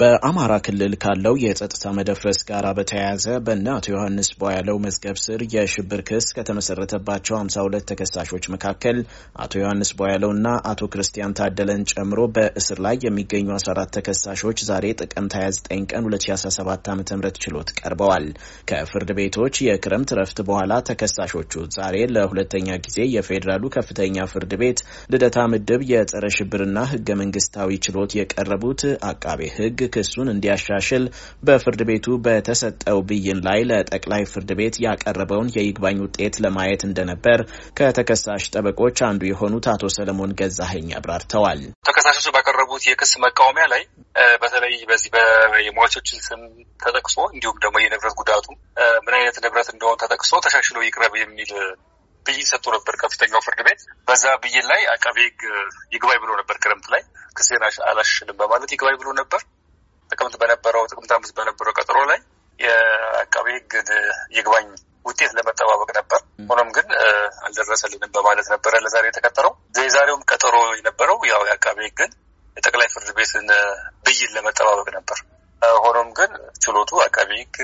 በአማራ ክልል ካለው የጸጥታ መደፍረስ ጋር በተያያዘ በእነ አቶ ዮሐንስ ቧያለው መዝገብ ስር የሽብር ክስ ከተመሰረተባቸው 52 ተከሳሾች መካከል አቶ ዮሐንስ ቧያለውና አቶ ክርስቲያን ታደለን ጨምሮ በእስር ላይ የሚገኙ 14 ተከሳሾች ዛሬ ጥቅምት 29 ቀን 2017 ዓ ም ችሎት ቀርበዋል። ከፍርድ ቤቶች የክረምት ረፍት በኋላ ተከሳሾቹ ዛሬ ለሁለተኛ ጊዜ የፌዴራሉ ከፍተኛ ፍርድ ቤት ልደታ ምድብ የጸረ ሽብርና ህገ መንግስታዊ ችሎት የቀረቡት አቃቤ ህግ ክሱን እንዲያሻሽል በፍርድ ቤቱ በተሰጠው ብይን ላይ ለጠቅላይ ፍርድ ቤት ያቀረበውን የይግባኝ ውጤት ለማየት እንደነበር ከተከሳሽ ጠበቆች አንዱ የሆኑት አቶ ሰለሞን ገዛኸኝ አብራርተዋል። ተከሳሾቹ ባቀረቡት የክስ መቃወሚያ ላይ በተለይ በዚህ የሟቾችን ስም ተጠቅሶ እንዲሁም ደግሞ የንብረት ጉዳቱ ምን አይነት ንብረት እንደሆነ ተጠቅሶ ተሻሽሎ ይቅረብ የሚል ብይን ሰጥቶ ነበር ከፍተኛው ፍርድ ቤት። በዛ ብይን ላይ አቃቤ ህግ ይግባኝ ብሎ ነበር። ክረምት ላይ ክሴን አላሽልም በማለት ይግባኝ ብሎ ነበር። ጥቅምት በነበረው ጥቅምት አምስት በነበረው ቀጠሮ ላይ የአቃቤ ህግ ይግባኝ ውጤት ለመጠባበቅ ነበር። ሆኖም ግን አልደረሰልንም በማለት ነበረ ለዛሬ የተቀጠረው። የዛሬውም ቀጠሮ የነበረው ያው የአቃቤ ሕግን የጠቅላይ ፍርድ ቤትን ብይን ለመጠባበቅ ነበር። ሆኖም ግን ችሎቱ አቃቤ ሕግ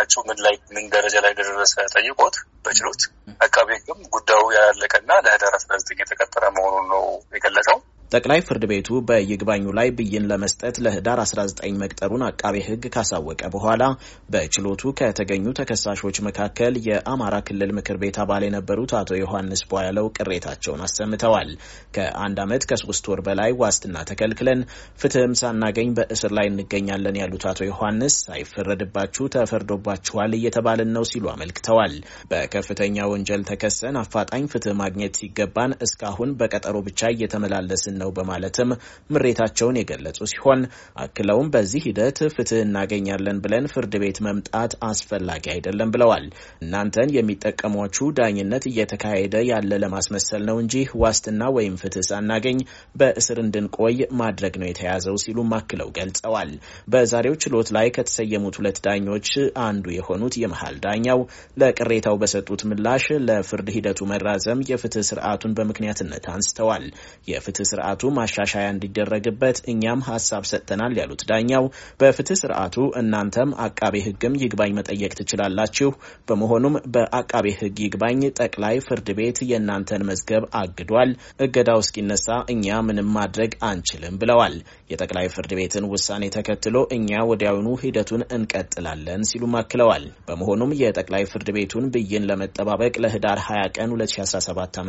ናቸው ምን ላይ ምን ደረጃ ላይ እንደደረሰ ጠይቆት በችሎት አካባቢ ህግም ጉዳዩ ያላለቀና ለህዳር አስራ ዘጠኝ የተቀጠረ መሆኑን ነው የገለጸው። ጠቅላይ ፍርድ ቤቱ በይግባኙ ላይ ብይን ለመስጠት ለህዳር 19 መቅጠሩን አቃቤ ህግ ካሳወቀ በኋላ በችሎቱ ከተገኙ ተከሳሾች መካከል የአማራ ክልል ምክር ቤት አባል የነበሩት አቶ ዮሐንስ ቧያለው ቅሬታቸውን አሰምተዋል። ከአንድ ዓመት ከሶስት ወር በላይ ዋስትና ተከልክለን ፍትህም ሳናገኝ በእስር ላይ እንገኛለን ያሉት አቶ ዮሐንስ ሳይፈረድባችሁ ተፈርዶባችኋል እየተባልን ነው ሲሉ አመልክተዋል። በከፍተኛ ወንጀል ተከሰን አፋጣኝ ፍትህ ማግኘት ሲገባን እስካሁን በቀጠሮ ብቻ እየተመላለስን ነው በማለትም ምሬታቸውን የገለጹ ሲሆን አክለውም በዚህ ሂደት ፍትህ እናገኛለን ብለን ፍርድ ቤት መምጣት አስፈላጊ አይደለም ብለዋል። እናንተን የሚጠቀሟችሁ ዳኝነት እየተካሄደ ያለ ለማስመሰል ነው እንጂ ዋስትና ወይም ፍትህ ሳናገኝ በእስር እንድንቆይ ማድረግ ነው የተያዘው ሲሉም አክለው ገልጸዋል። በዛሬው ችሎት ላይ ከተሰየሙት ሁለት ዳኞች አንዱ የሆኑት የመሀል ዳኛው ለቅሬታው በሰጡ በሰጡት ምላሽ ለፍርድ ሂደቱ መራዘም የፍትህ ስርዓቱን በምክንያትነት አንስተዋል። የፍትህ ስርዓቱ ማሻሻያ እንዲደረግበት እኛም ሀሳብ ሰጥተናል ያሉት ዳኛው በፍትህ ስርዓቱ እናንተም አቃቤ ህግም ይግባኝ መጠየቅ ትችላላችሁ። በመሆኑም በአቃቤ ህግ ይግባኝ ጠቅላይ ፍርድ ቤት የእናንተን መዝገብ አግዷል። እገዳው እስኪነሳ እኛ ምንም ማድረግ አንችልም ብለዋል። የጠቅላይ ፍርድ ቤትን ውሳኔ ተከትሎ እኛ ወዲያውኑ ሂደቱን እንቀጥላለን ሲሉ አክለዋል። በመሆኑም የጠቅላይ ፍርድ ቤቱን ብይን ውጤቶችን ለመጠባበቅ ለህዳር 20 ቀን 2017 ዓ ም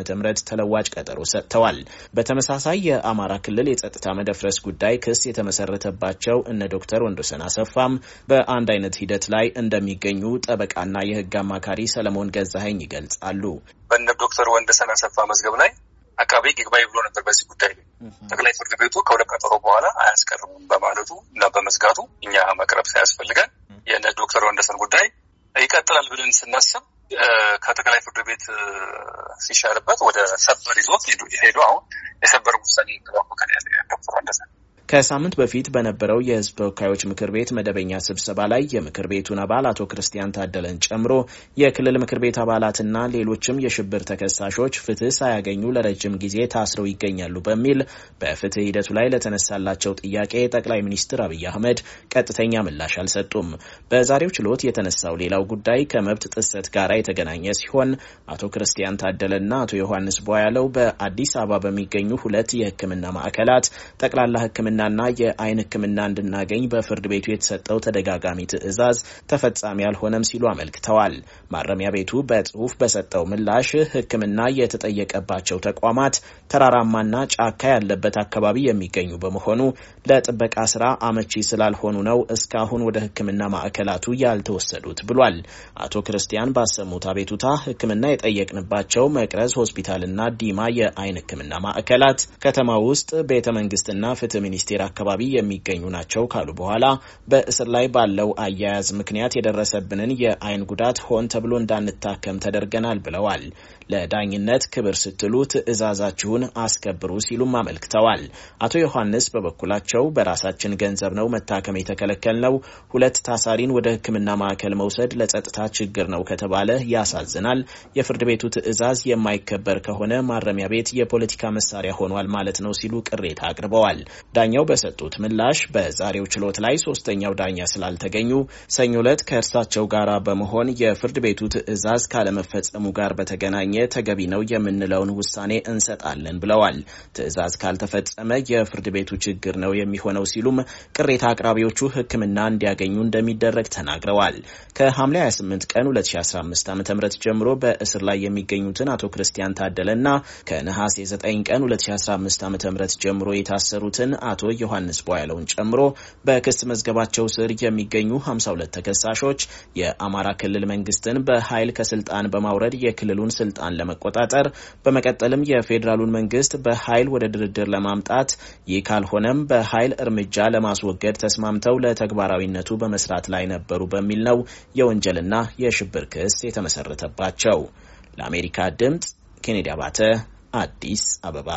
ተለዋጭ ቀጠሮ ሰጥተዋል። በተመሳሳይ የአማራ ክልል የጸጥታ መደፍረስ ጉዳይ ክስ የተመሰረተባቸው እነ ዶክተር ወንዶሰን አሰፋም በአንድ አይነት ሂደት ላይ እንደሚገኙ ጠበቃና የህግ አማካሪ ሰለሞን ገዛኸኝ ይገልጻሉ። በእነ ዶክተር ወንዶሰን አሰፋ መዝገብ ላይ አቃቤ ይግባኝ ብሎ ነበር። በዚህ ጉዳይ ጠቅላይ ፍርድ ቤቱ ከሁለት ቀጠሮ በኋላ አያስቀርቡም በማለቱ እና በመዝጋቱ እኛ መቅረብ ሳያስፈልገን የእነ ዶክተር ወንደሰን ጉዳይ ይቀጥላል ብለን ስናስብ ከጠቅላይ ፍርድ ቤት ሲሻርበት ወደ ሰበር ይዞት ሄዶ አሁን የሰበር ውሳኔ ተባበቀን ያለ ዶክተር ከሳምንት በፊት በነበረው የህዝብ ተወካዮች ምክር ቤት መደበኛ ስብሰባ ላይ የምክር ቤቱን አባል አቶ ክርስቲያን ታደለን ጨምሮ የክልል ምክር ቤት አባላትና ሌሎችም የሽብር ተከሳሾች ፍትህ ሳያገኙ ለረጅም ጊዜ ታስረው ይገኛሉ በሚል በፍትህ ሂደቱ ላይ ለተነሳላቸው ጥያቄ ጠቅላይ ሚኒስትር አብይ አህመድ ቀጥተኛ ምላሽ አልሰጡም። በዛሬው ችሎት የተነሳው ሌላው ጉዳይ ከመብት ጥሰት ጋር የተገናኘ ሲሆን አቶ ክርስቲያን ታደለና አቶ ዮሐንስ ቧያለው በአዲስ አበባ በሚገኙ ሁለት የህክምና ማዕከላት ጠቅላላ ህክምና ሕክምናና የአይን ሕክምና እንድናገኝ በፍርድ ቤቱ የተሰጠው ተደጋጋሚ ትዕዛዝ ተፈጻሚ አልሆነም ሲሉ አመልክተዋል። ማረሚያ ቤቱ በጽሁፍ በሰጠው ምላሽ ሕክምና የተጠየቀባቸው ተቋማት ተራራማና ጫካ ያለበት አካባቢ የሚገኙ በመሆኑ ለጥበቃ ስራ አመቺ ስላልሆኑ ነው እስካሁን ወደ ሕክምና ማዕከላቱ ያልተወሰዱት ብሏል። አቶ ክርስቲያን ባሰሙት አቤቱታ ሕክምና የጠየቅንባቸው መቅረዝ ሆስፒታልና ዲማ የአይን ሕክምና ማዕከላት ከተማ ውስጥ ቤተ መንግስትና ፍትህ ሚኒስ ሚኒስቴር አካባቢ የሚገኙ ናቸው ካሉ በኋላ በእስር ላይ ባለው አያያዝ ምክንያት የደረሰብንን የአይን ጉዳት ሆን ተብሎ እንዳንታከም ተደርገናል ብለዋል። ለዳኝነት ክብር ስትሉ ትዕዛዛችሁን አስከብሩ ሲሉም አመልክተዋል። አቶ ዮሐንስ በበኩላቸው በራሳችን ገንዘብ ነው መታከም የተከለከል ነው። ሁለት ታሳሪን ወደ ሕክምና ማዕከል መውሰድ ለጸጥታ ችግር ነው ከተባለ ያሳዝናል። የፍርድ ቤቱ ትዕዛዝ የማይከበር ከሆነ ማረሚያ ቤት የፖለቲካ መሳሪያ ሆኗል ማለት ነው ሲሉ ቅሬታ አቅርበዋል። ዳ ዳኛው በሰጡት ምላሽ በዛሬው ችሎት ላይ ሶስተኛው ዳኛ ስላልተገኙ ሰኞ ዕለት ከእርሳቸው ጋር በመሆን የፍርድ ቤቱ ትዕዛዝ ካለመፈጸሙ ጋር በተገናኘ ተገቢ ነው የምንለውን ውሳኔ እንሰጣለን ብለዋል። ትዕዛዝ ካልተፈጸመ የፍርድ ቤቱ ችግር ነው የሚሆነው ሲሉም ቅሬታ አቅራቢዎቹ ሕክምና እንዲያገኙ እንደሚደረግ ተናግረዋል። ከሐምሌ 28 ቀን 2015 ዓ ም ጀምሮ በእስር ላይ የሚገኙትን አቶ ክርስቲያን ታደለና ከነሐሴ 9 ቀን 2015 ዓ ም ጀምሮ የታሰሩትን አቶ ዮሐንስ ቦያለውን ጨምሮ በክስ መዝገባቸው ስር የሚገኙ 52 ተከሳሾች የአማራ ክልል መንግስትን በኃይል ከስልጣን በማውረድ የክልሉን ስልጣን ለመቆጣጠር በመቀጠልም የፌዴራሉን መንግስት በኃይል ወደ ድርድር ለማምጣት ይህ ካልሆነም በኃይል እርምጃ ለማስወገድ ተስማምተው ለተግባራዊነቱ በመስራት ላይ ነበሩ በሚል ነው የወንጀልና የሽብር ክስ የተመሰረተባቸው። ለአሜሪካ ድምጽ ኬኔዲ አባተ አዲስ አበባ